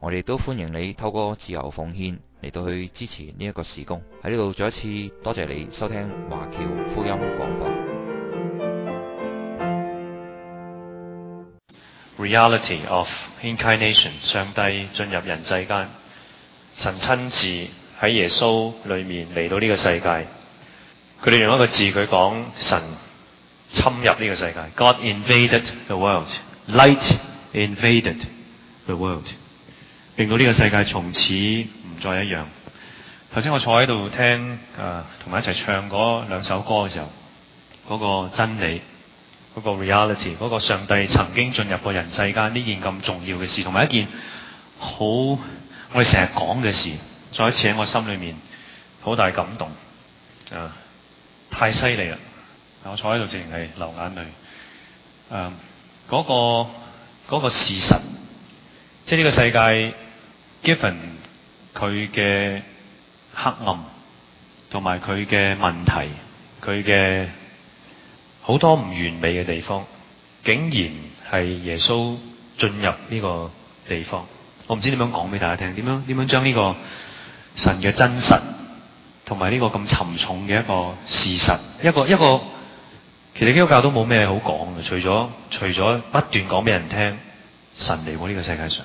我哋都歡迎你透過自由奉獻嚟到去支持呢一個事工。喺呢度再一次多謝你收聽華僑福音廣播。Reality of incarnation，上帝進入人世間，神親自喺耶穌裏面嚟到呢個世界。佢哋用一個字佢講，神侵入呢個世界。God invaded the world，Light invaded the world。令到呢個世界從此唔再一樣。頭先我坐喺度聽啊，同、呃、埋一齊唱嗰兩首歌嘅時候，嗰、嗰個真理、嗰、嗰個 reality、嗰個上帝曾經進入過人世間呢件咁重要嘅事，同埋一件好我哋成日講嘅事，再一次喺我心裏面好大感動啊、呃！太犀利啦！我坐喺度淨係流眼淚啊！嗰、呃嗰個、嗰個事實，即係呢個世界。Given 佢嘅黑暗同埋佢嘅問題，佢嘅好多唔完美嘅地方，竟然係耶穌進入呢個地方。我唔知點樣講俾大家聽，點樣點樣將呢個神嘅真實同埋呢個咁沉重嘅一個事實，一個一個其實基督教都冇咩好講嘅，除咗除咗不斷講俾人聽神嚟過呢個世界上。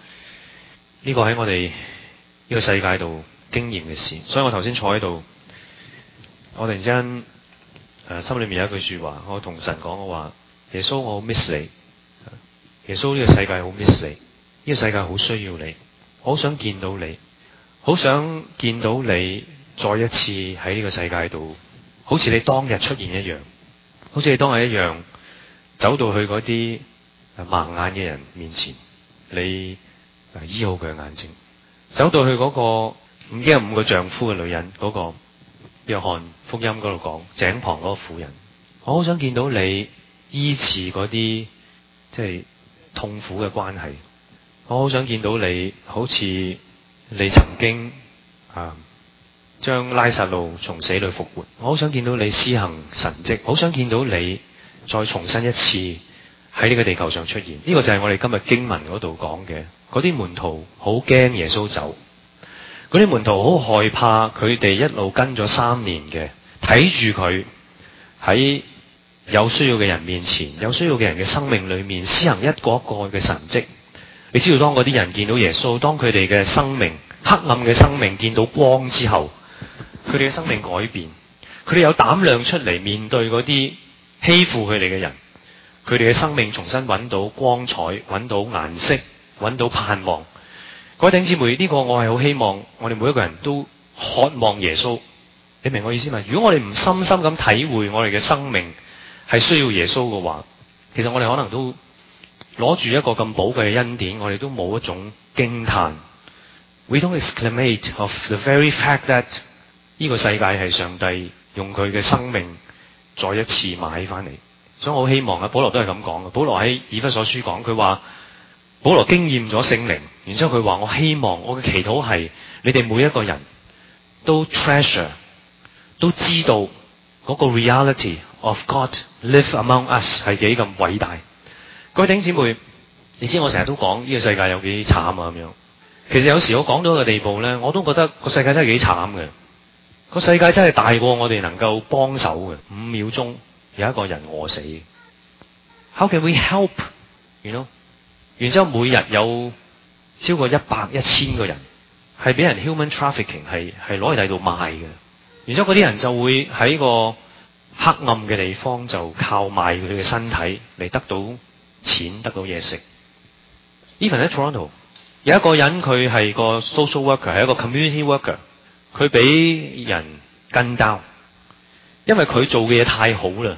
呢個喺我哋呢個世界度經驗嘅事，所以我頭先坐喺度，我突然之間誒、呃、心裏面有一句說話，我同神講我話：耶穌，我 miss 你，耶穌，呢個世界好 miss 你，呢個世界好需要你，好想見到你，好想見到你再一次喺呢個世界度，好似你當日出現一樣，好似你當日一樣走到去嗰啲盲眼嘅人面前，你。醫好佢嘅眼睛，走到去嗰個曾經有五個丈夫嘅女人嗰、那個，約翰福音嗰度講井旁嗰個婦人，我好想見到你醫治嗰啲即係痛苦嘅關係，我好想見到你好似你曾經啊將拉撒路從死裏復活，我好想見到你施行神迹，好想見到你再重新一次喺呢個地球上出現，呢、這個就係我哋今日經文嗰度講嘅。嗰啲門徒好驚耶穌走，嗰啲門徒好害怕，佢哋一路跟咗三年嘅，睇住佢喺有需要嘅人面前，有需要嘅人嘅生命裏面施行一個一個嘅神蹟。你知道當嗰啲人見到耶穌，當佢哋嘅生命黑暗嘅生命見到光之後，佢哋嘅生命改變，佢哋有膽量出嚟面對嗰啲欺負佢哋嘅人，佢哋嘅生命重新揾到光彩，揾到顏色。揾到盼望，各位弟兄姊妹，呢個我係好希望，我哋每一個人都渴望耶穌。你明我意思嘛？如果我哋唔深深咁體會我哋嘅生命係需要耶穌嘅話，其實我哋可能都攞住一個咁寶貴嘅恩典，我哋都冇一種驚嘆。We don't exclaimate of the very fact that 呢個世界係上帝用佢嘅生命再一次買翻嚟。所以我好希望阿保羅都係咁講嘅。保羅喺以弗所書講，佢話。保羅經驗咗聖靈，然之後佢話：我希望我嘅祈禱係，你哋每一個人都 treasure，都知道嗰個 reality of God live among us 係幾咁偉大。各位弟兄姊妹，你知我成日都講呢個世界有幾慘啊咁樣。其實有時我講到一個地步咧，我都覺得個世界真係幾慘嘅。個世界真係大過我哋能夠幫手嘅。五秒鐘有一個人餓死，how can we help？you know？然之後每日有超過一百一千個人係俾人 human trafficking，係係攞嚟喺度賣嘅，然之後嗰啲人就會喺個黑暗嘅地方就靠賣佢哋嘅身體嚟得到錢，得到嘢食。Even 喺 Toronto 有一個人佢係個 social worker 係一個 community worker，佢俾人 gun down，因為佢做嘅嘢太好啦。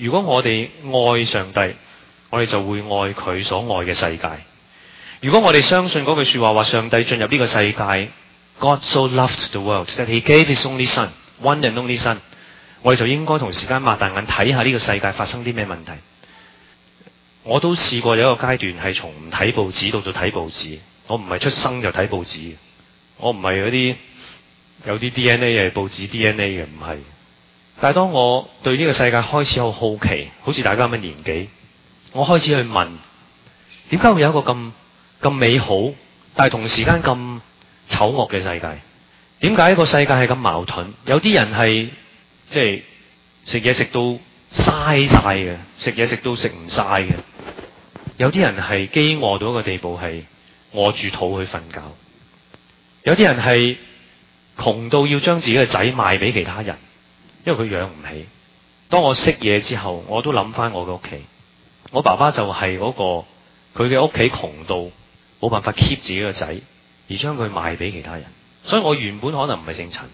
如果我哋愛上帝，我哋就會愛佢所愛嘅世界。如果我哋相信嗰句話說話，話上帝進入呢個世界，God so loved the world that He gave His only Son，one and only son。」我哋就應該同時間擘大眼睇下呢個世界發生啲咩問題。我都試過有一個階段係從唔睇報紙到到睇報紙，我唔係出生就睇報紙，我唔係嗰啲有啲 DNA 係報紙 DNA 嘅，唔係。但係，當我對呢個世界開始好好奇，好似大家咁嘅年紀，我開始去問：點解會有一個咁咁美好，但係同時間咁醜惡嘅世界？點解呢個世界係咁矛盾？有啲人係即係食嘢食到嘥晒嘅，食嘢食到食唔晒嘅，有啲人係飢餓到一個地步，係餓住肚去瞓覺；有啲人係窮到要將自己嘅仔賣俾其他人。因為佢養唔起。當我識嘢之後，我都諗翻，我嘅屋企。我爸爸就係嗰個，佢嘅屋企窮到冇辦法 keep 自己個仔，而將佢賣俾其他人。所以我原本可能唔係姓陳，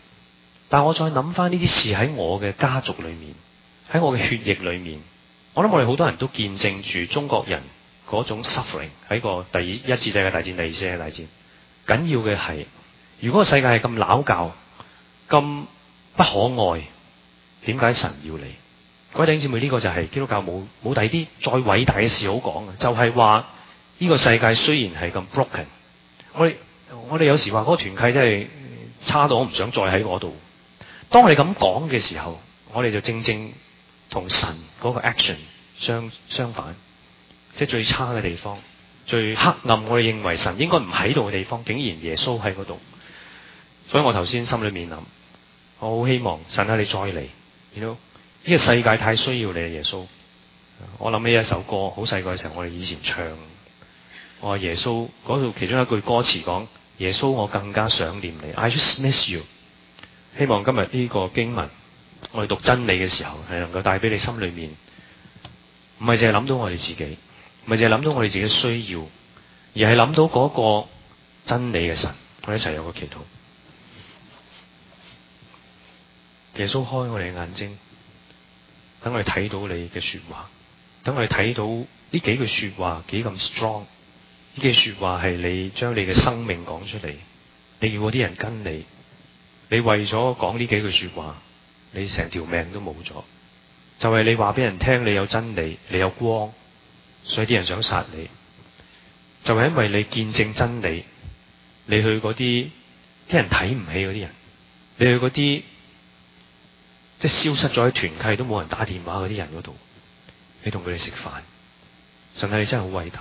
但我再諗翻呢啲事，喺我嘅家族裏面，喺我嘅血液裏面，我諗我哋好多人都見證住中國人嗰種 suffering 喺個第一次世界大戰、第二次世界大戰。緊要嘅，係如果個世界係咁撈教、咁不可愛。點解神要嚟？各位弟兄姊妹，呢個就係基督教冇冇第啲再偉大嘅事好講嘅，就係話呢個世界雖然係咁 broken，我哋我哋有時話個團契真係、呃、差到我唔想再喺度。當我哋咁講嘅時候，我哋就正正同神個 action 相相反，即係最差嘅地方、最黑暗，我哋認為神應該唔喺度嘅地方，竟然耶穌喺度。所以我頭先心裏面諗，我好希望神喺你再嚟。You know? 呢個世界太需要你，啊耶穌。我諗起一首歌，好細個嘅時候，我哋以前唱。我話耶穌，嗰度其中一句歌詞講：耶穌，我更加想念你。I just miss you。希望今日呢個經文，我哋讀真理嘅時候，係能夠帶俾你心裏面，唔係淨係諗到我哋自己，唔係淨係諗到我哋自己需要，而係諗到嗰個真理嘅神。我哋一齊有個祈禱。耶穌，開我哋嘅眼睛，等我哋睇到你嘅說話，等我哋睇到呢幾句說話 strong, 幾咁 strong。呢句說話係你將你嘅生命講出嚟，你叫嗰啲人跟你，你為咗講呢幾句說話，你成條命都冇咗。就係、是、你話俾人聽，你有真理，你有光，所以啲人想殺你。就係、是、因為你見證真理，你去嗰啲啲人睇唔起嗰啲人，你去嗰啲。即係消失咗喺團契都冇人打電話啲人度，你同佢哋食飯，神係你真係好偉大，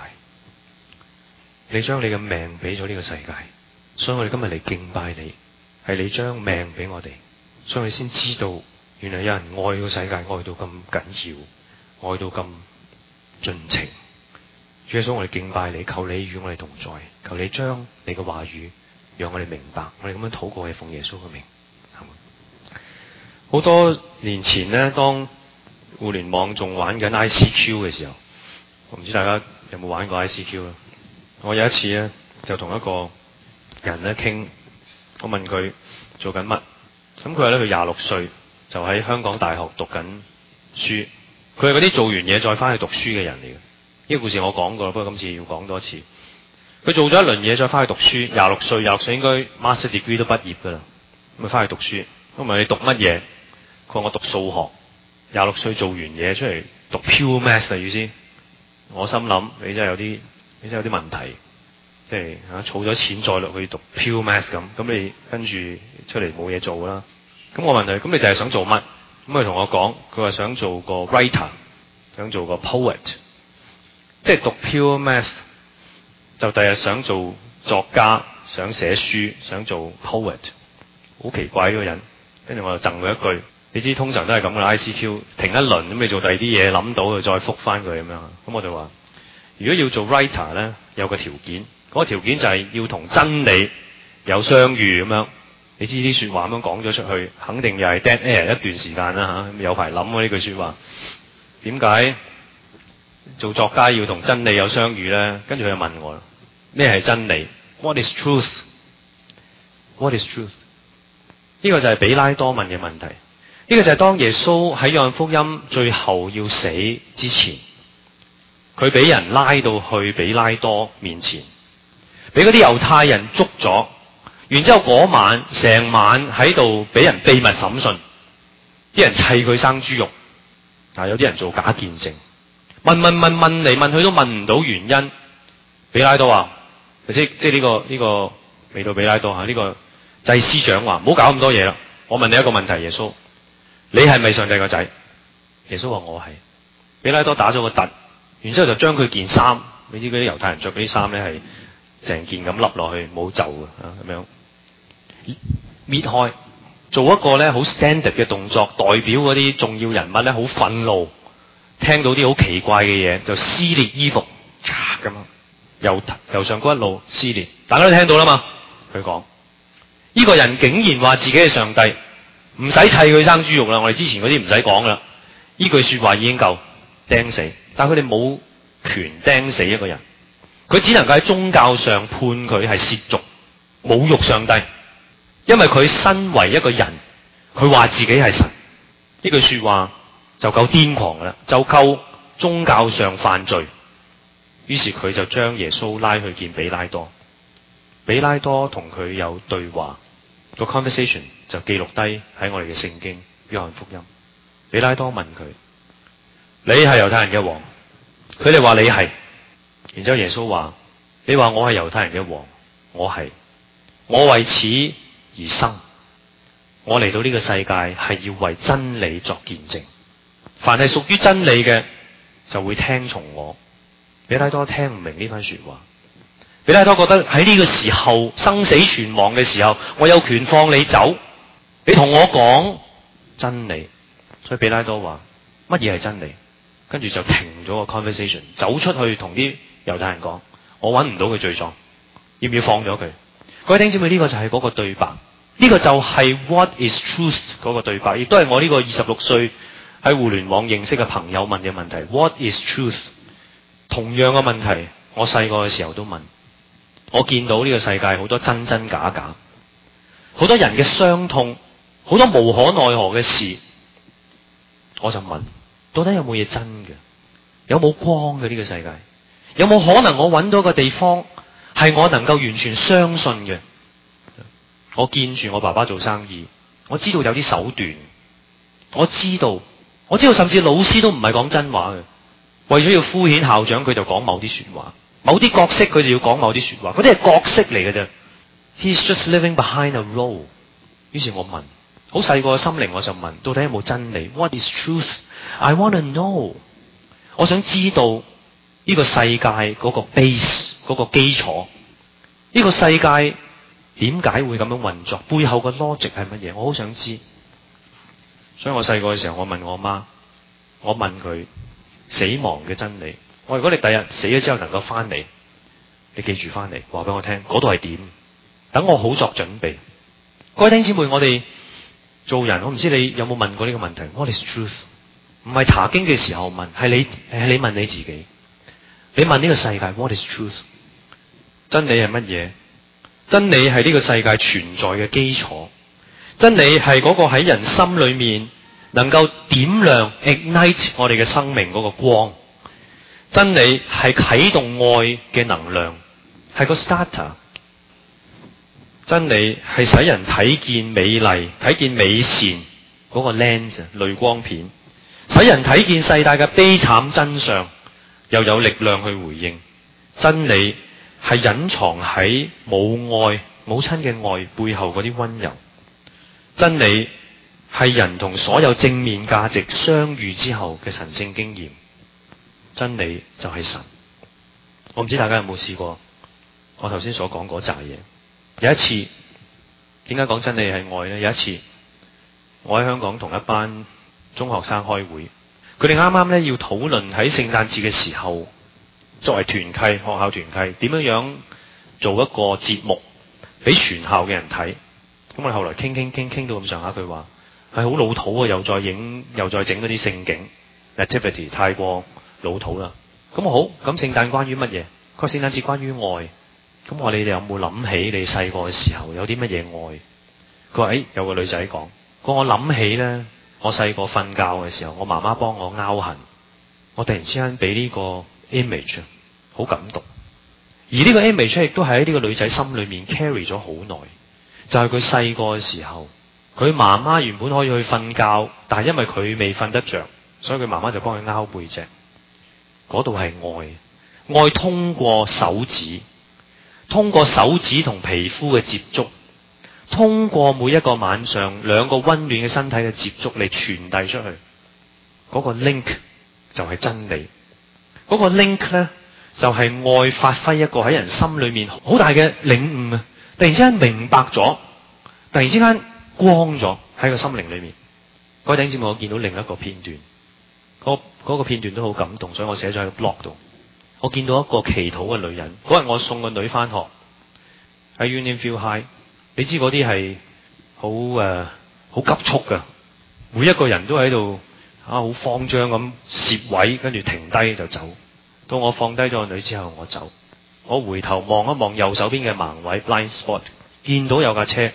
你將你嘅命俾咗呢個世界，所以我哋今日嚟敬拜你，係你將命俾我哋，所以我哋先知道原來有人愛個世界愛到咁緊要，愛到咁盡情，主耶穌我哋敬拜你，求你與我哋同在，求你將你嘅話語讓我哋明白，我哋咁樣禱告係奉耶穌嘅名。好多年前咧，當互聯網仲玩緊 ICQ 嘅時候，我唔知大家有冇玩過 ICQ 啦。我有一次咧，就同一個人咧傾，我問佢做緊乜？咁佢話咧佢廿六歲就喺香港大學讀緊書，佢係嗰啲做完嘢再翻去讀書嘅人嚟嘅。呢個故事我講過，不過今次要講多次。佢做咗一輪嘢再翻去讀書，廿六歲廿六歲應該 master degree 都畢業噶啦，咁咪翻去讀書。咁問你讀乜嘢？講我讀數學，廿六歲做完嘢出嚟讀 pure math 嘅意思，我心諗你真係有啲，你真係有啲問題，即係吓儲咗錢再落去讀 pure math 咁，咁你跟住出嚟冇嘢做啦。咁我問佢，咁你第日想做乜？咁佢同我講，佢話想做個 writer，想做個 poet，即係讀 pure math 就第日想做作家，想寫書，想做 poet，好奇怪呢個人。跟住我就贈佢一句。你知通常都係咁嘅，ICQ 停一輪咁，你做第二啲嘢，諗到佢再覆返佢咁樣。咁我就話：如果要做 writer 咧，有個條件，嗰個條件就係要同真理有相遇咁樣。你知啲説話咁樣講咗出去，肯定又係 dead air 一段時間啦嚇。有排諗呢句説話，點解做作家要同真理有相遇咧？跟住佢就問我啦：咩係真理？What is truth？What is truth？呢個就係彼拉多問嘅問題。呢個就係當耶穌喺約翰福音最後要死之前，佢俾人拉到去比拉多面前，俾嗰啲猶太人捉咗，然之後嗰晚成晚喺度俾人秘密審訊，啲人砌佢生豬肉，但有啲人做假見證，問問問問嚟問，問，問去都問唔到原因。比拉多啊，即即呢個呢個未到比拉多吓呢個祭司長話唔好搞咁多嘢啦，我問你一個問題，耶穌。你係咪上帝個仔？耶穌話我係。彼拉多打咗個突，然之後就將佢件衫， 你知嗰啲猶太人着嗰啲衫咧係成件咁笠落去冇袖。啊，咁樣搣開，做一個咧好 standard 嘅動作，代表嗰啲重要人物咧好憤怒，聽到啲好奇怪嘅嘢就撕裂衣服，咁、呃、樣由由上高一路撕裂，大家都聽到啦嘛。佢講，呢、呢個人竟然話自己係上帝。唔使砌佢生豬肉啦！我哋之前嗰啲唔使講啦，呢句說話已經夠釘死，但佢哋冇權釘死一個人，佢只能夠喺宗教上判佢係褻瀆、侮辱上帝，因為佢身為一個人，佢話自己係神，呢句說話就夠癲狂啦，就夠宗教上犯罪。於是佢就將耶穌拉去見彼拉多，彼拉多同佢有對話。個 conversation 就記錄低喺我哋嘅聖經約翰福音，彼拉多問佢：你係猶太人嘅王？佢哋話你係。然之後耶穌話：你話我係猶太人嘅王，我係。我為此而生，我嚟到呢個世界係要為真理作見證。凡係屬於真理嘅，就會聽從我。彼拉多聽唔明呢番說話。彼拉多覺得喺呢個時候，生死存亡嘅時候，我有權放你走。你同我講真理。所以彼拉多話乜嘢係真理？跟住就停咗個 conversation，走出去同啲猶太人講，我揾唔到佢罪狀，要唔要放咗佢？各位聽姐妹，呢個就係嗰個對白，呢個就係 What is truth 嗰個對白，亦都係我呢個二十六歲喺互聯網認識嘅朋友問嘅問題。What is truth？同樣嘅問題，我細個嘅時候都問。我見到呢個世界好多真真假假，好多人嘅傷痛，好多無可奈何嘅事，我就問：到底有冇嘢真嘅？有冇光嘅呢個世界？有冇可能我揾到個地方係我能夠完全相信嘅？我見住我爸爸做生意，我知道有啲手段，我知道，我知道甚至老師都唔係講真話嘅，為咗要敷衍校長，佢就講某啲說話。某啲角色佢就要講某啲說話，嗰啲係角色嚟嘅啫。He's just living behind a role。於是我問，好細個嘅心靈，我就問，到底有冇真理？What is truth？I want to know。我想知道呢個世界嗰個 base，嗰個基礎，呢個世界點解會咁樣運作？背後嘅 logic 係乜嘢？我好想知。所以我細個嘅時候我我，我問我媽，我問佢死亡嘅真理。我如果你第日死咗之後能夠翻嚟，你記住翻嚟話俾我聽，度係點？等我好作準備。各位弟兄姊妹，我哋做人，我唔知你有冇問過呢個問題。What is truth？唔係查經嘅時候問，係你誒你問你自己。你問呢個世界，What is truth？真理係乜嘢？真理係呢個世界存在嘅基礎。真理係個喺人心裏面能夠點亮 ignite 我哋嘅生命個光。真理係啟動愛嘅能量，係個 starter。真理係使人睇見美麗、睇見美善，嗰個 lens，啊，淚光片，使人睇見世代嘅悲慘真相，又有力量去回應。真理係隱藏喺母愛、母親嘅愛背後啲溫柔。真理係人同所有正面價值相遇之後嘅神聖經驗。真理就係神。我唔知大家有冇試過，我頭先所講嗰紮嘢。有一次，點解講真理係愛咧？有一次，我喺香港同一班中學生開會，佢哋啱啱咧要討論喺聖誕節嘅時候，作為團契學校團契點樣樣做一個節目俾全校嘅人睇。咁我哋後來傾傾傾傾到咁上下，佢話，係好老土啊，又再影又再整啲聖景 nativity，太過。老土啦，咁好，咁聖誕關於乜嘢？佢話聖誕節關於愛，咁我你哋有冇諗起你細個嘅時候有啲乜嘢愛？佢話誒有個女仔講，我諗起咧，我細個瞓覺嘅時候，我媽媽幫我拗痕，我突然之間俾呢個 image 好感動，而呢個 image 亦都喺呢個女仔心裏面 carry 咗好耐，就係佢細個嘅時候，佢媽媽原本可以去瞓覺，但係因為佢未瞓得着，所以佢媽媽就幫佢拗背脊。度係愛，愛通過手指，通過手指同皮膚嘅接觸，通過每一個晚上兩個溫暖嘅身體嘅接觸嚟傳遞出去，嗰個 link 就係真理，嗰個 link 咧就係、是、愛發揮一個喺人心裏面好大嘅領悟啊！突然之間明白咗，突然之間光咗喺個心靈裏面。嗰頂節目我見到另一個片段。嗰嗰片段都好感動，所以我寫咗喺 blog 度。我見到一個祈禱嘅女人，嗰日我送個女返學，喺 Unionville High。你知嗰啲係好誒好急促嘅，每一個人都喺度啊，好慌張咁攝位，跟住停低就走。到我放低咗個女之後，我走，我回頭望一望右手邊嘅盲位 blind spot，見到有架車，嗰、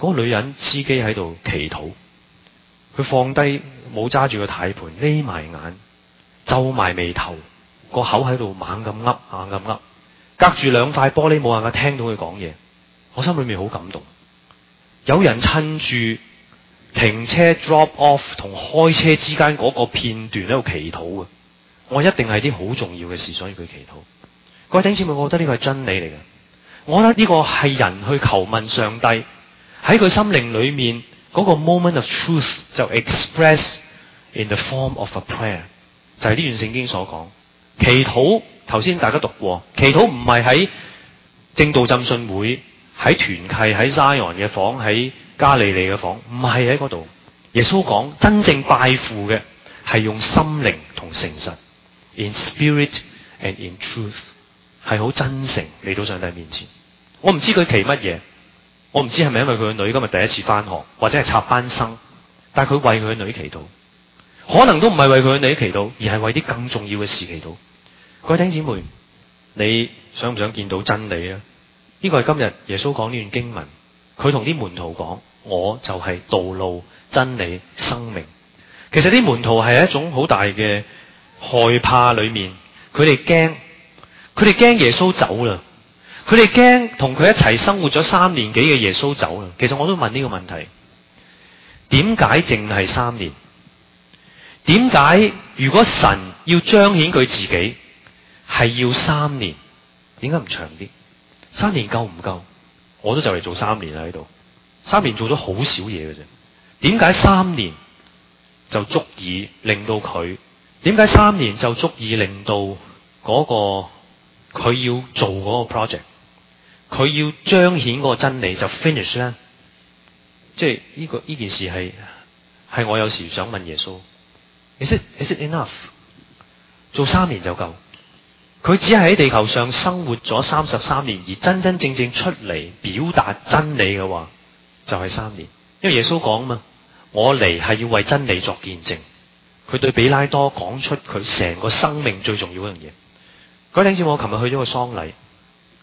那個女人司機喺度祈禱。佢放低冇揸住個軚盤，眯埋眼，皺埋眉頭，個口喺度猛咁噏，猛咁噏，隔住兩塊玻璃冇人，我聽到佢講嘢，我心裏面好感動。有人趁住停車 drop off 同開車之間嗰個片段喺度祈禱嘅，我一定係啲好重要嘅事，所以佢祈禱。各位弟兄姊妹，我覺得呢個係真理嚟嘅，我覺得呢個係人去求問上帝喺佢心靈裏面。個 moment of truth 就 express in the form of a prayer，就係呢段聖經所講。祈禱頭先大家讀過，祈禱唔係喺正道浸信會，喺團契，喺 Zion 嘅房，喺加利利嘅房，唔係喺度。耶穌講，真正拜父嘅係用心靈同誠實，in spirit and in truth，係好真誠嚟到上帝面前。我唔知佢祈乜嘢。我唔知係咪因為佢嘅女今日第一次返學，或者係插班生，但係佢為佢嘅女祈禱，可能都唔係為佢嘅女祈禱，而係為啲更重要嘅事祈禱。各位弟兄姊妹，你想唔想見到真理呀？呢個係今日耶穌講呢段經文，佢同啲門徒講，我就係道路、真理、生命。其實啲門徒係一種好大嘅害怕裏面，佢哋驚，佢哋驚耶穌走啦。佢哋驚同佢一齊生活咗三年幾嘅耶穌走啦。其實我都問呢個問題：點解淨係三年？點解如果神要彰顯佢自己，係要三年？點解唔長啲？三年夠唔夠？我都就嚟做三年啦喺度。三年做咗好少嘢嘅啫。點解三年就足以令到佢？點解三年就足以令到嗰個佢要做嗰個 project？佢要彰顯個真理就 finish 啦，即係呢個呢件事係，係我有時想問耶穌，is it is it enough？做三年就夠？佢只係喺地球上生活咗三十三年，而真真正正出嚟表達真理嘅話，就係、是、三年。因為耶穌講嘛，我嚟係要為真理作見證。佢對比拉多講出佢成個生命最重要嗰樣嘢。嗰陣時我琴日去咗個喪禮。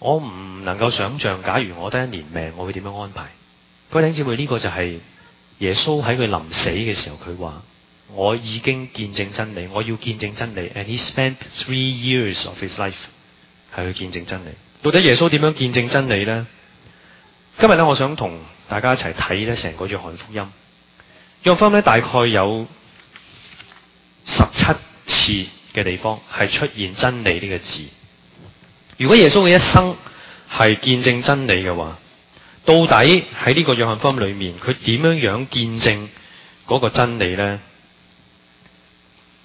我唔能夠想象，假如我得一年命，我會點樣安排？各位弟兄姊妹，呢個就係耶穌喺佢臨死嘅時候，佢話我已經見證真理，我要見證真理。And he spent three years of his life 係去見證真理。到底耶穌點樣見證真理咧？今日咧，我想同大家一齊睇咧，成個約翰福音。約方咧，大概有十七次嘅地方係出現真理呢個字。如果耶穌嘅一生係見證真理嘅話，到底喺呢個約翰福音裏面，佢點樣樣見證嗰個真理咧？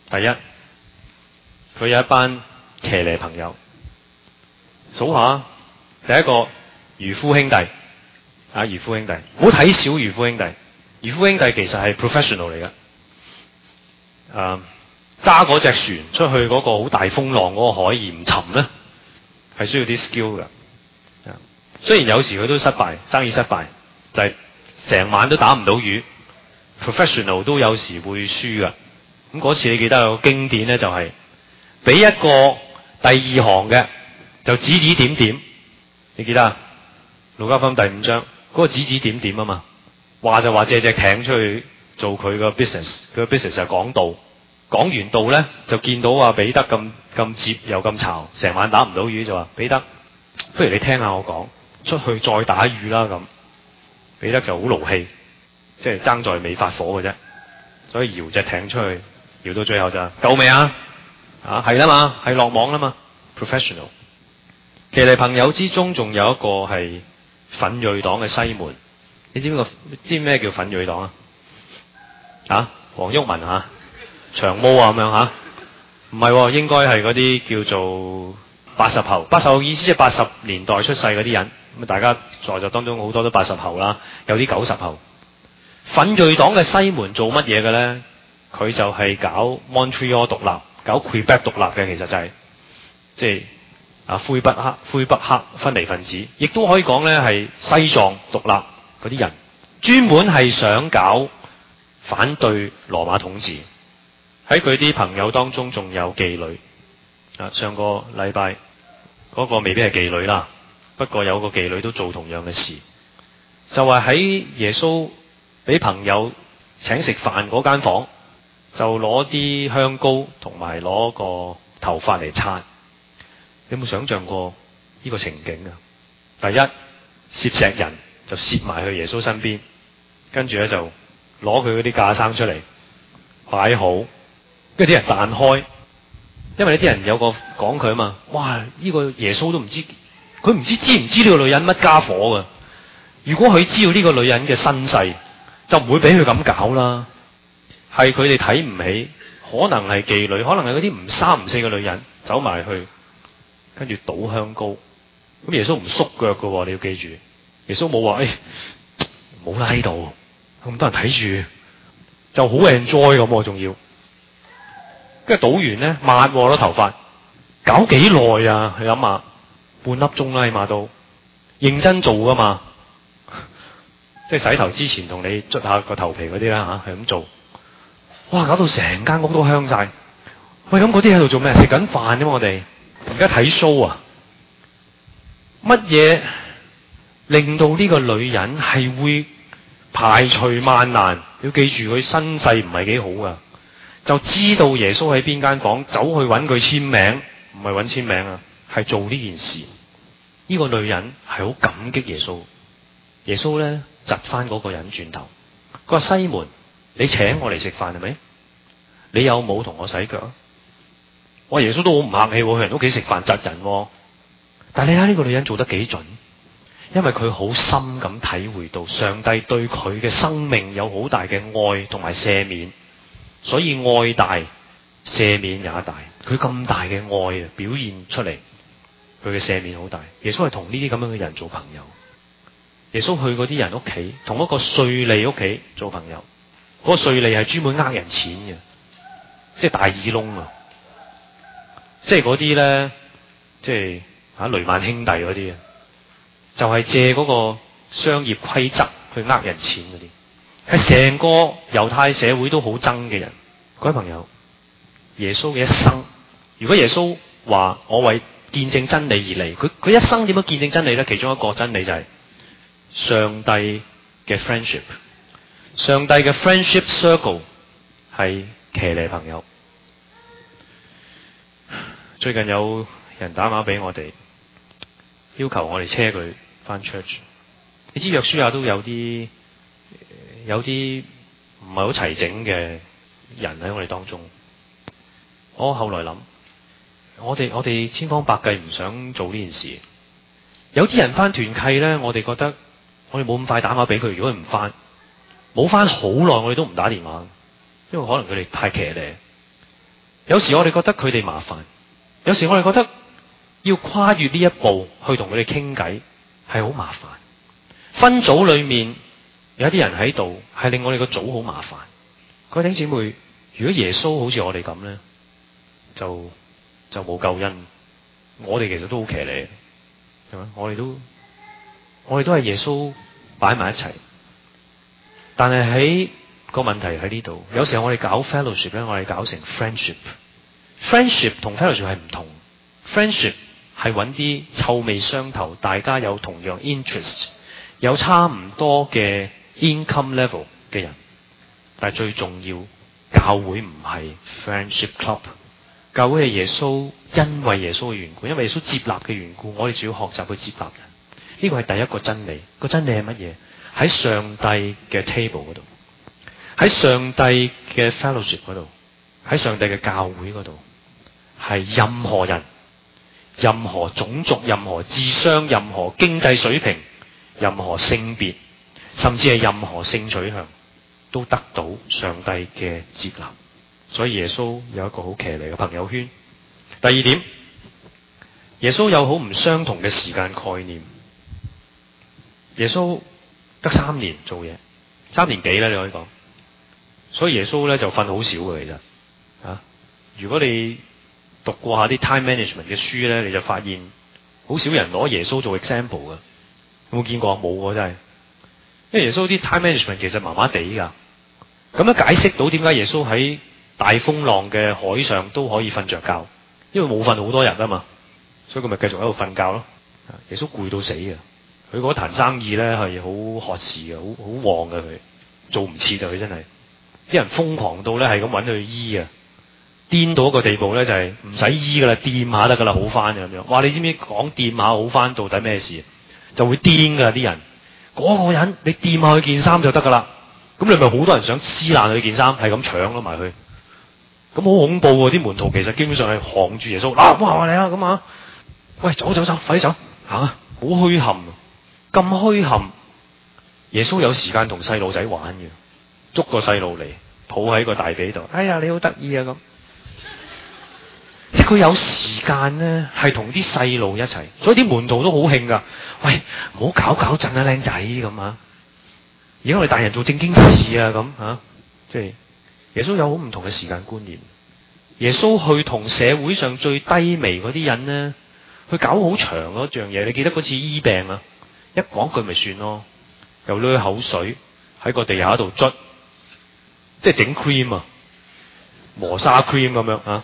第一，佢有一班騎呢朋友，數下，第一個漁夫兄弟啊，漁夫兄弟，唔好睇小漁夫兄弟，漁夫，夫兄弟其實係 professional 嚟噶，誒、啊，揸嗰隻船出去嗰個好大風浪嗰個海而唔沉咧，係需要啲 skill 嘅，啊，雖然有時佢都失敗，生意失敗，就係、是、成晚都打唔到魚。professional 都有時會輸噶，咁嗰次你記得有個經典咧就係、是、俾一個第二行嘅就指指點點，你記得啊？路加福音第五章嗰、那個指指點點啊嘛，話就話借隻艇出去做佢個 business，佢個 business 就講道。講完道咧，就見到話、啊、彼得咁咁折又咁巢，成晚打唔到魚就話彼得，不如你聽下我講，出去再打魚啦咁。彼得就好勞氣，即係爭在未發火嘅啫。所以搖隻艇出去，搖到最後就，夠未啊？啊，係啦嘛，係落網啦嘛。Professional。其實朋友之中，仲有一個係奮銳黨嘅西門。你知唔知個？知咩叫奮銳黨啊？啊，黃毓民啊。長毛啊，咁樣嚇，唔係、哦，應該係嗰啲叫做八十後。八十後意思即係八十年代出世嗰啲人。咁啊，大家在座當中好多都八十後啦，有啲九十後。奮銳黨嘅西門做乜嘢嘅咧？佢就係搞 Montreal 獨立，搞 Quebec 獨立嘅，其實就係即係啊，魁北克魁北克分離分子，亦都可以講咧係西藏獨立嗰啲人，專門係想搞反對羅馬統治。喺佢啲朋友當中，仲有妓女。啊，上個禮拜嗰個未必係妓女啦，不過有個妓女都做同樣嘅事，就話喺耶穌俾朋友請食飯間房，就攞啲香膏同埋攞個頭髮嚟擦。你有冇想象過呢個情景啊？第一，攝石人就攝埋去耶穌身邊，跟住咧就攞佢啲架生出嚟擺好。跟啲人彈開，因為呢啲人有個講佢啊嘛，哇！呢個耶穌都唔知，佢唔知知唔知呢個女人乜家伙噶。如果佢知道呢個女人嘅身世，就唔會俾佢咁搞啦。係佢哋睇唔起，可能係妓女，可能係嗰啲唔三唔四嘅女人走埋去，跟住倒香膏。咁耶穌唔縮腳噶，你要記住，耶穌冇話誒，冇喇喺度，咁多人睇住，就好 enjoy 咁，仲要。跟住倒完咧，抹咯頭髮，搞幾耐啊？佢諗下，半粒鐘啦，起碼都認真做噶嘛。 即係洗頭之前同你捽下個頭皮嗰啲啦吓，係、啊、咁做。哇！搞到成間屋都香晒。喂，咁嗰啲喺度做咩？食緊飯啫嘛，我哋而家睇 show 啊。乜嘢令到呢個女人係會排除萬難？要記住佢身世唔係幾好噶。就知道耶穌喺邊間房，走去揾佢簽名，唔係揾簽名啊，係做呢件事。呢、這個女人係好感激耶穌，耶穌咧窒翻嗰個人轉頭，佢話西門，你請我嚟食飯係咪？你有冇同我洗腳啊？哇！耶穌都好唔客氣，去人屋企食飯窒人。但係你睇呢、這個女人做得幾準，因為佢好深咁體會到上帝對佢嘅生命有好大嘅愛同埋赦免。所以愛大，赦免也大。佢咁大嘅愛啊，表現出嚟，佢嘅赦免好大。耶穌係同呢啲咁樣嘅人做朋友。耶穌去嗰啲人屋企，同一個稅吏屋企做朋友。嗰、嗰個稅吏係專門呃人錢嘅，即係大耳窿啊！即係嗰啲咧，即係吓雷曼兄弟嗰啲，就係、是、借嗰個商業規則去呃人錢嗰啲。係成個猶太社會都好憎嘅人，各位朋友，耶穌嘅一生，如果耶穌話我為見證真理而嚟，佢佢一生點樣見證真理咧？其中一個真理就係上帝嘅 friendship，上帝嘅 friendship circle 係騎呢朋友。最近有人打電話俾我哋，要求我哋車佢返 church。你知約書亞都有啲。有啲唔係好齊整嘅人喺我哋當中，我後來諗，我哋我哋千方百計唔想做呢件事。有啲人翻團契咧，我哋覺得我哋冇咁快打電話俾佢。如果唔翻，冇翻好耐，我哋都唔打電話，因為可能佢哋太騎咧。有時我哋覺得佢哋麻煩，有時我哋覺得要跨越呢一步去同佢哋傾偈係好麻煩。分組裏面。有啲人喺度，係令我哋個組好麻煩。各位兄姐妹，如果耶穌好似我哋咁咧，就就冇救恩。我哋其實都好騎呢，係嘛？我哋都我哋都係耶穌擺埋一齊。但係喺個問題喺呢度，有時候我哋搞 fellowship 咧，我哋搞成 friendship。friendship 同 fellowship 係唔同。friendship 係揾啲臭味相投，大家有同樣 interest，有差唔多嘅。income level 嘅人，但係最重要，教會唔係 friendship club，教會係耶穌，因為耶穌嘅緣故，因為耶穌接納嘅緣故，我哋主要學習去接納人，呢、呢個係第一個真理。個真理係乜嘢？喺上帝嘅 table 度，喺上帝嘅 fellowship 度，喺上帝嘅教會度，係任何人、任何種族、任何智商、任何經濟水平、任何性別。甚至係任何性取向都得到上帝嘅接納，所以耶穌有一個好騎呢嘅朋友圈。第二點，耶穌有好唔相同嘅時間概念。耶穌得三年做嘢，三年幾咧，你可以講。所以耶穌咧就瞓好少嘅，其實吓，啊。如果你讀過下啲 time management 嘅書咧，你就發現好少人攞耶穌做 example 嘅。有冇見過？冇喎，啊，真係。因為耶穌啲 time management 其實麻麻地噶咁樣解釋到點解耶穌喺大風浪嘅海上都可以瞓着覺，因為冇瞓好多人啊嘛，所以佢咪繼續喺度瞓覺咯。耶穌攰到死啊！佢嗰談生意咧係好學時啊，好好旺嘅佢，做唔切，就佢真係，啲人瘋狂到咧係咁揾佢醫啊，癲到一個地步咧就係唔使醫噶啦，掂下得噶啦好翻咁樣。哇！你知唔知講掂下好翻到底咩事？就會癲噶啲人。嗰個人，你掂下佢件衫就得㗎喇。咁你咪好多人想撕爛佢件衫，係咁搶攞埋佢。咁好恐怖喎！啲門徒其實基本上係扛住耶穌，嗱、啊，唔行啊你啊咁啊。喂，走走走，快啲走。吓、啊，好墟冚、啊，咁墟冚。耶穌有時間同細路仔玩嘅，捉個細路嚟抱喺個大髀度。哎呀，你好得意啊咁。即佢有時間咧，係同啲細路一齊，所以啲門徒都好興噶。喂，唔好搞搞震啊，靚仔咁啊！而家我哋大人做正經事啊，咁吓、啊，即係耶穌有好唔同嘅時間觀念。耶穌去同社會上最低微嗰啲人咧，去搞好長嗰樣嘢。你記得嗰次醫病啊？一講句咪算咯，又攞口水喺個地下度捽，即係整 cream 啊，磨砂 cream 咁樣吓。啊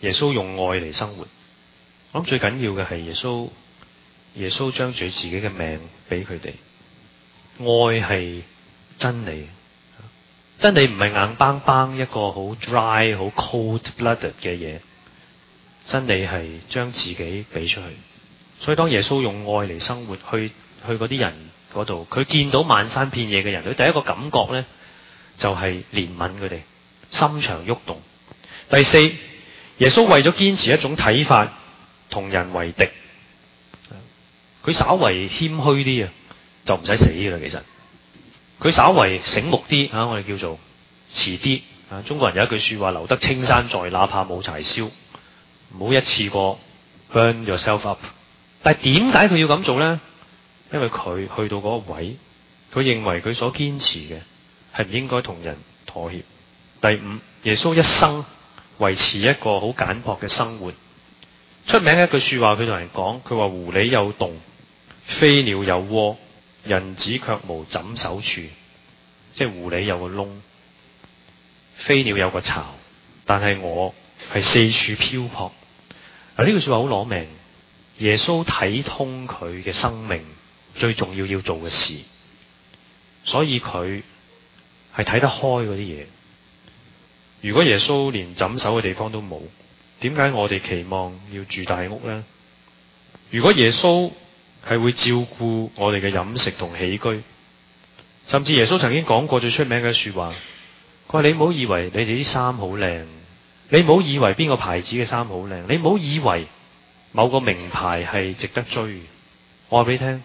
耶穌用愛嚟生活，我諗最緊要嘅係耶穌，耶穌將住自己嘅命俾佢哋。愛係真理，真理唔係硬邦邦一個好 dry、好 cold blooded 嘅嘢，真理係將自己俾出去。所以當耶穌用愛嚟生活，去去嗰啲人嗰度，佢見到漫山遍野嘅人，佢第一個感覺咧就係、是、憐憫佢哋，心腸喐動，動。第四。耶穌為咗堅持一種睇法，同人為敵，佢稍為謙虛啲啊，就唔使死㗎喇。其實佢稍為醒目啲啊，我哋叫做遲啲啊。中國人有一句說話：留得青山在，哪怕冇柴燒。唔好一次過 burn yourself up。但係點解佢要咁做咧？因為佢去到嗰個位，佢認為佢所堅持嘅係唔應該同人妥協。第五，耶穌一生。維持一個好簡樸嘅生活。出名一句說話，佢同人講，佢話狐狸有洞，飛鳥有窩，人子卻無枕手處。即係狐狸有個窿，飛鳥有個巢，但係我係四處漂泊。嗱，呢句說話好攞命。耶穌睇通佢嘅生命最重要要做嘅事，所以佢係睇得開嗰啲嘢。如果耶穌連枕頭嘅地方都冇，點解我哋期望要住大屋呢？如果耶穌係會照顧我哋嘅飲食同起居，甚至耶穌曾經講過最出名嘅說話，佢話你唔好以為你哋啲衫好靚，你唔好以為邊個牌子嘅衫好靚，你唔好以為某個名牌係值得追。我話俾你聽，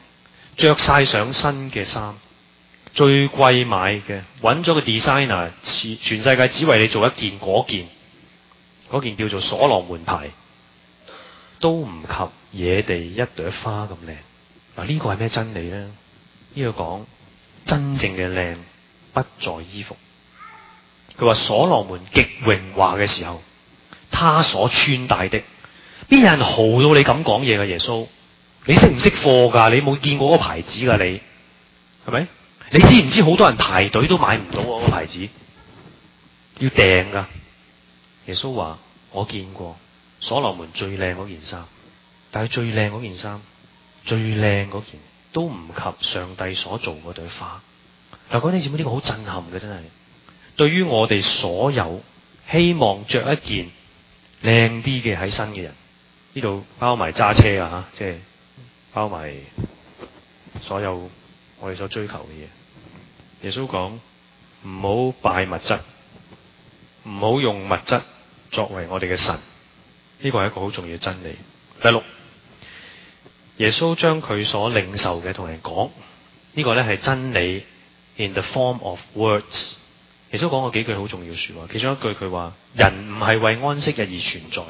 着晒上身嘅衫。最貴買嘅，揾咗個 designer，全世界只為你做一件嗰件，嗰件叫做所羅門牌，都唔及野地一朵花咁靚。嗱，呢個係咩真理咧？呢個講真正嘅靚不在衣服。佢話所羅門極榮華嘅時候，他所穿戴的邊有人豪到你咁講嘢嘅？耶穌，你識唔識貨噶？你冇見過嗰個牌子噶？你係咪？你知唔知好多人排隊都買唔到我個牌子，要訂噶。耶穌話：我見過所羅門最靚嗰件衫，但係最靚嗰件衫，最靚嗰件都唔及上帝所做嗰朵花。嗱，講你知唔知呢個好震撼嘅？真係，對於我哋所有希望着一件靚啲嘅喺身嘅人，呢度包埋揸車啊，吓，即係包埋所有我哋所追求嘅嘢。耶穌講唔好拜物質，唔好用物質作為我哋嘅神，呢個係一個好重要真理。第六，耶穌將佢所領受嘅同人講，呢個咧係真理。In the form of words，耶穌講過幾句好重要說話，其中一句佢話：人唔係為安息日而存在，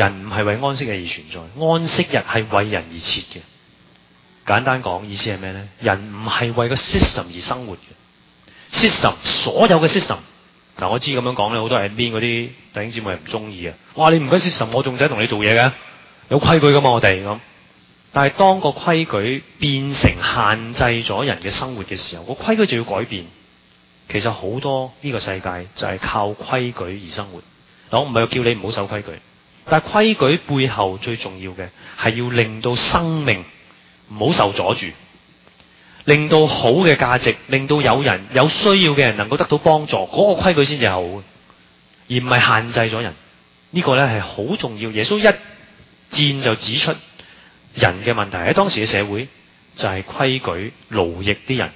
人唔係為安息日而存在，安息日係為人而設嘅。簡單講，意思係咩咧？人唔係為個 system 而生活嘅 system，所有嘅 system、啊。嗱，我知咁樣講咧，好多喺邊嗰啲弟兄姊妹唔中意啊！我話你唔跟 system，我仲想同你做嘢嘅，有規矩㗎嘛我哋咁、啊。但係當個規矩變成限制咗人嘅生活嘅時候，個規矩就要改變。其實好多呢個世界就係靠規矩而生活。嗱、啊，我唔係叫你唔好守規矩，但係規矩背後最重要嘅係要令到生命。唔好受阻住，令到好嘅價值，令到有人有需要嘅人能夠得到幫助，嗰個規矩先至好，而唔係限制咗人。這個、呢個咧，係好重要。耶穌一戰就指出人嘅問題喺當時嘅社會就係、是、規矩奴役啲人，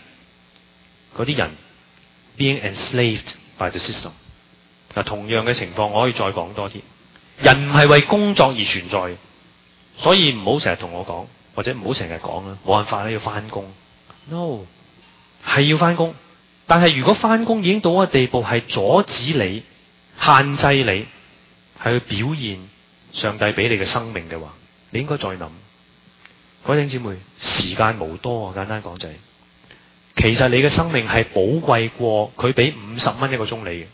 啲人 being enslaved by the system。嗱，同樣嘅情況，我可以再講多啲。人唔係為工作而存在，所以唔好成日同我講。或者唔好成日講啦，冇辦法啦，要翻工。No，係要翻工。但係如果翻工已經到個地步係阻止你、限制你，係去表現上帝俾你嘅生命嘅話，你應該再諗。各位弟兄姊妹，時間無多，啊，簡單講就係，其實你嘅生命係寶貴過佢俾五十蚊一個鐘你嘅。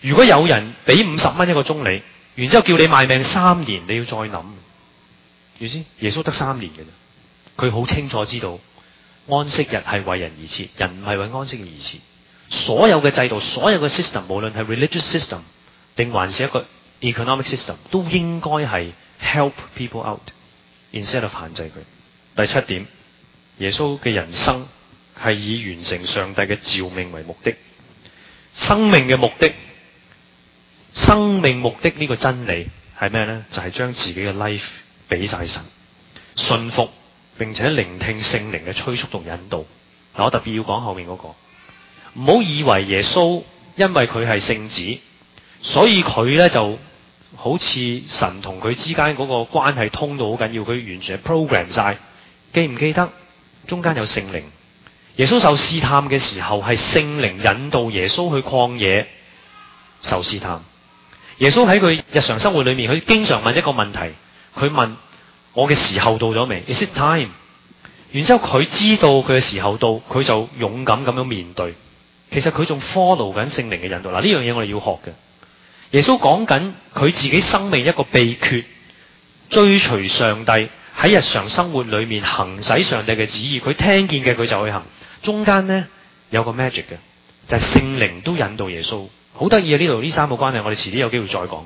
如果有人俾五十蚊一個鐘你，然之後叫你賣命三年，你要再諗。原先 you know? 耶穌得三年嘅啫，佢好清楚知道安息日係為人而設，人唔係為安息而設。所有嘅制度，所有嘅 system，無論係 religious system 定還是一個 economic system，都應該係 help people out instead of 限制佢。第七點，耶穌嘅人生係以完成上帝嘅召命為目的。生命嘅目的，生命目的呢個真理係咩呢？就係、是、將自己嘅 life。俾晒神，信服，並且聆聽聖靈嘅催促同引導。嗱，我特別要講後面嗰個，唔好以為耶穌因為佢係聖子，所以佢咧就好似神同佢之間個關係通到好緊要，佢完全係 program 晒。記唔記得中間有聖靈？耶穌受試探嘅時候係聖靈引導耶穌去曠野受試探。耶穌喺佢日常生活裏面，佢經常問一個問題。佢問我嘅時候到咗未？Is it time？然之後佢知道佢嘅時候到，佢就勇敢咁樣面對。其實佢仲 follow 緊聖靈嘅引導。嗱，呢樣嘢我哋要學嘅。耶穌講緊佢自己生命一個秘訣，追隨上帝喺日常生活裏面行使上帝嘅旨意。佢聽見嘅佢就去行。中間呢，有個 magic 嘅，就係聖靈都引導耶穌。好得意啊！呢度呢三個關係，我哋遲啲有機會再講。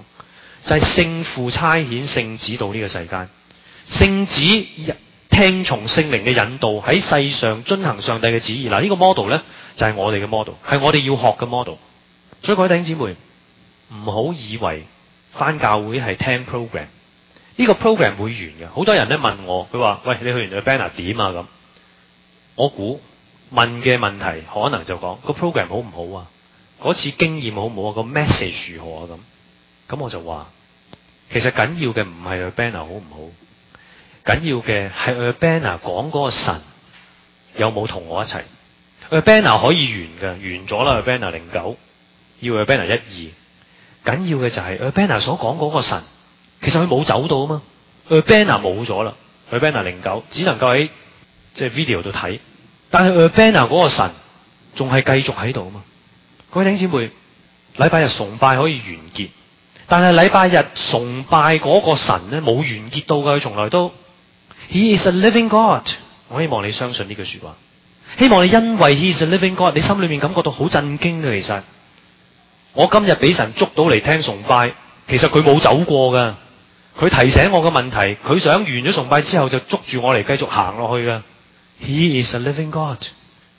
就係聖父差遣聖子到呢個世間，聖子聽從聖靈嘅引導，喺世上遵行上帝嘅旨意。嗱、呃，這個、呢個 model 咧就係、是、我哋嘅 model，係我哋要學嘅 model。所以各位弟兄姊妹，唔好以為返教會係聽 program，呢、這個 program 會完嘅。好多人咧問我，佢話，喂，你去完個 banner 點啊？咁，我估問嘅問題可能就講個 program 好唔好啊？嗰次經驗好唔好啊？個 message 如何啊？咁，咁我就話。其實緊要嘅唔係 Urbana 好唔好，緊要嘅係 Urbana 講嗰個神有冇同我一齊？Urbana 可以完㗎，完咗啦 Urbana 零九，09，要 Urbana 一二。緊要嘅就係 Urbana 所講嗰個神，其實佢冇走到啊嘛，Urbana 冇咗啦，Urbana 零九只能夠喺即係 video 度睇，但係 Urbana 嗰個神仲係繼續喺度啊嘛。各位弟兄姊妹，禮拜日崇拜可以完結。但係禮拜日崇拜嗰個神咧，冇完結到噶，佢從來都。He is a living God。我希望你相信呢句說話，希望你因為 He is a living God，你心裏面感覺到好震驚嘅。其實我今日俾神捉到嚟，聽崇拜，其實佢冇走過噶，佢提醒我嘅問題，佢想完咗崇拜之後就捉住我嚟繼續行落去噶。He is a living God。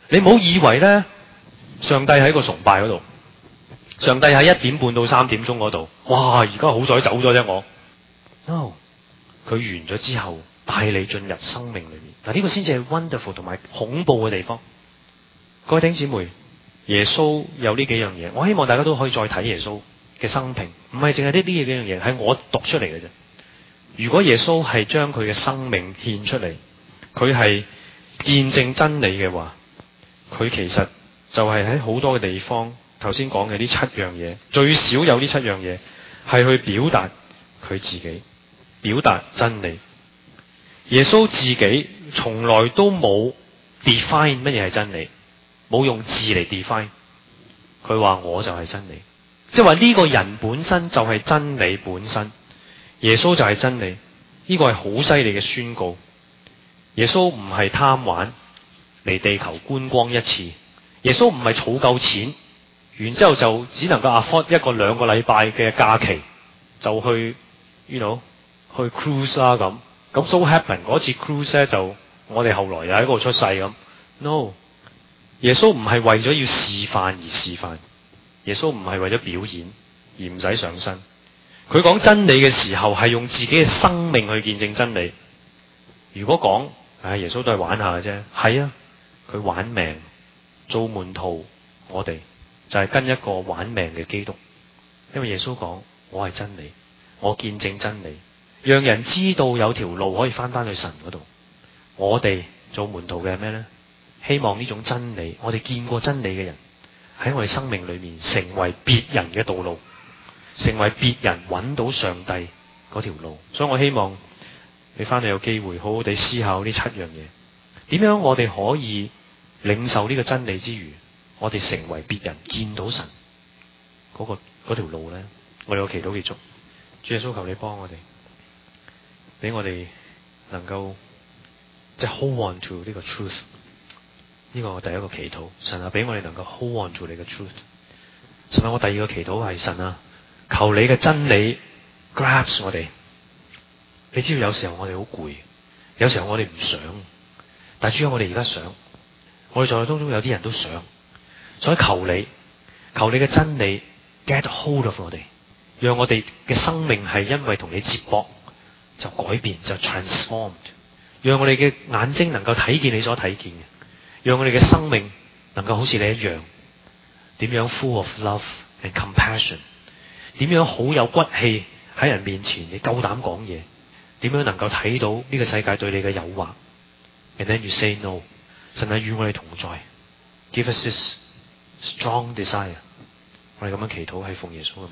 你唔好以為咧，上帝喺個崇拜嗰度。上帝喺一點半到三點鐘度，哇！而家好彩走咗啫，我。no，佢完咗之後帶你進入生命裏面，嗱，呢個先至係 wonderful 同埋恐怖嘅地方。各位弟兄姊妹，耶穌有呢幾樣嘢，我希望大家都可以再睇耶穌嘅生平，唔係淨係呢呢幾樣嘢係我讀出嚟嘅啫。如果耶穌係將佢嘅生命獻出嚟，佢係見證真理嘅話，佢其實就係喺好多嘅地方。頭先講嘅呢七樣嘢，最少有呢七樣嘢係去表達佢自己，表達真理。耶穌自己從來都冇 define 乜嘢係真理，冇用字嚟 define。佢話我就係真理，即係話呢個人本身就係真理本身。耶穌就係真理，呢個係好犀利嘅宣告。耶穌唔係貪玩嚟地球觀光一次，耶穌唔係儲夠錢。然之後就只能夠 afford 一個兩個禮拜嘅假期，就去，you know，去 cruise 啦、啊、咁。咁 so happen 嗰次 cruise 咧、啊、就我哋後來又喺度出世咁。no，耶穌唔係為咗要示範而示範，耶穌唔係為咗表演而唔使上身。佢講真理嘅時候係用自己嘅生命去見證真理。如果講唉、哎、耶穌都係玩下啫，係啊，佢玩命，做滿套我哋。就係跟一個玩命嘅基督，因為耶穌講，我係真理，我見證真理，讓人知道有條路可以翻翻去神嗰度。我哋做門徒嘅係咩呢？希望呢種真理，我哋見過真理嘅人喺我哋生命裏面成為別人嘅道路，成為別人揾到上帝嗰條路。所以我希望你翻去有機會好好地思考呢七樣嘢，點樣我哋可以領受呢個真理之餘。我哋成為別人見到神嗰個嗰條路咧，我哋有祈禱結束，主耶穌求你幫我哋，俾我哋能夠即係 hold on to 呢個 truth，呢個我第一個祈禱，神啊俾我哋能夠 hold on to 你嘅 truth。神啊，我第二個祈禱係神啊，求你嘅真理 grabs 我哋。你知道有時候我哋好攰，有時候我哋唔想，但係主要我哋而家想，我哋在當中有啲人都想。所以求你，求你嘅真理 get hold of 我哋，讓我哋嘅生命係因為同你接駁，就改變就 transformed，讓我哋嘅眼睛能夠睇見你所睇見嘅，讓我哋嘅生命能夠好似你一樣，點樣 full of love and compassion，點樣好有骨氣喺人面前你夠膽講嘢，點樣能夠睇到呢個世界對你嘅誘惑，and then you say no，神係與我哋同在，give us this Strong desire，我哋咁樣祈禱係奉耶穌嘅名。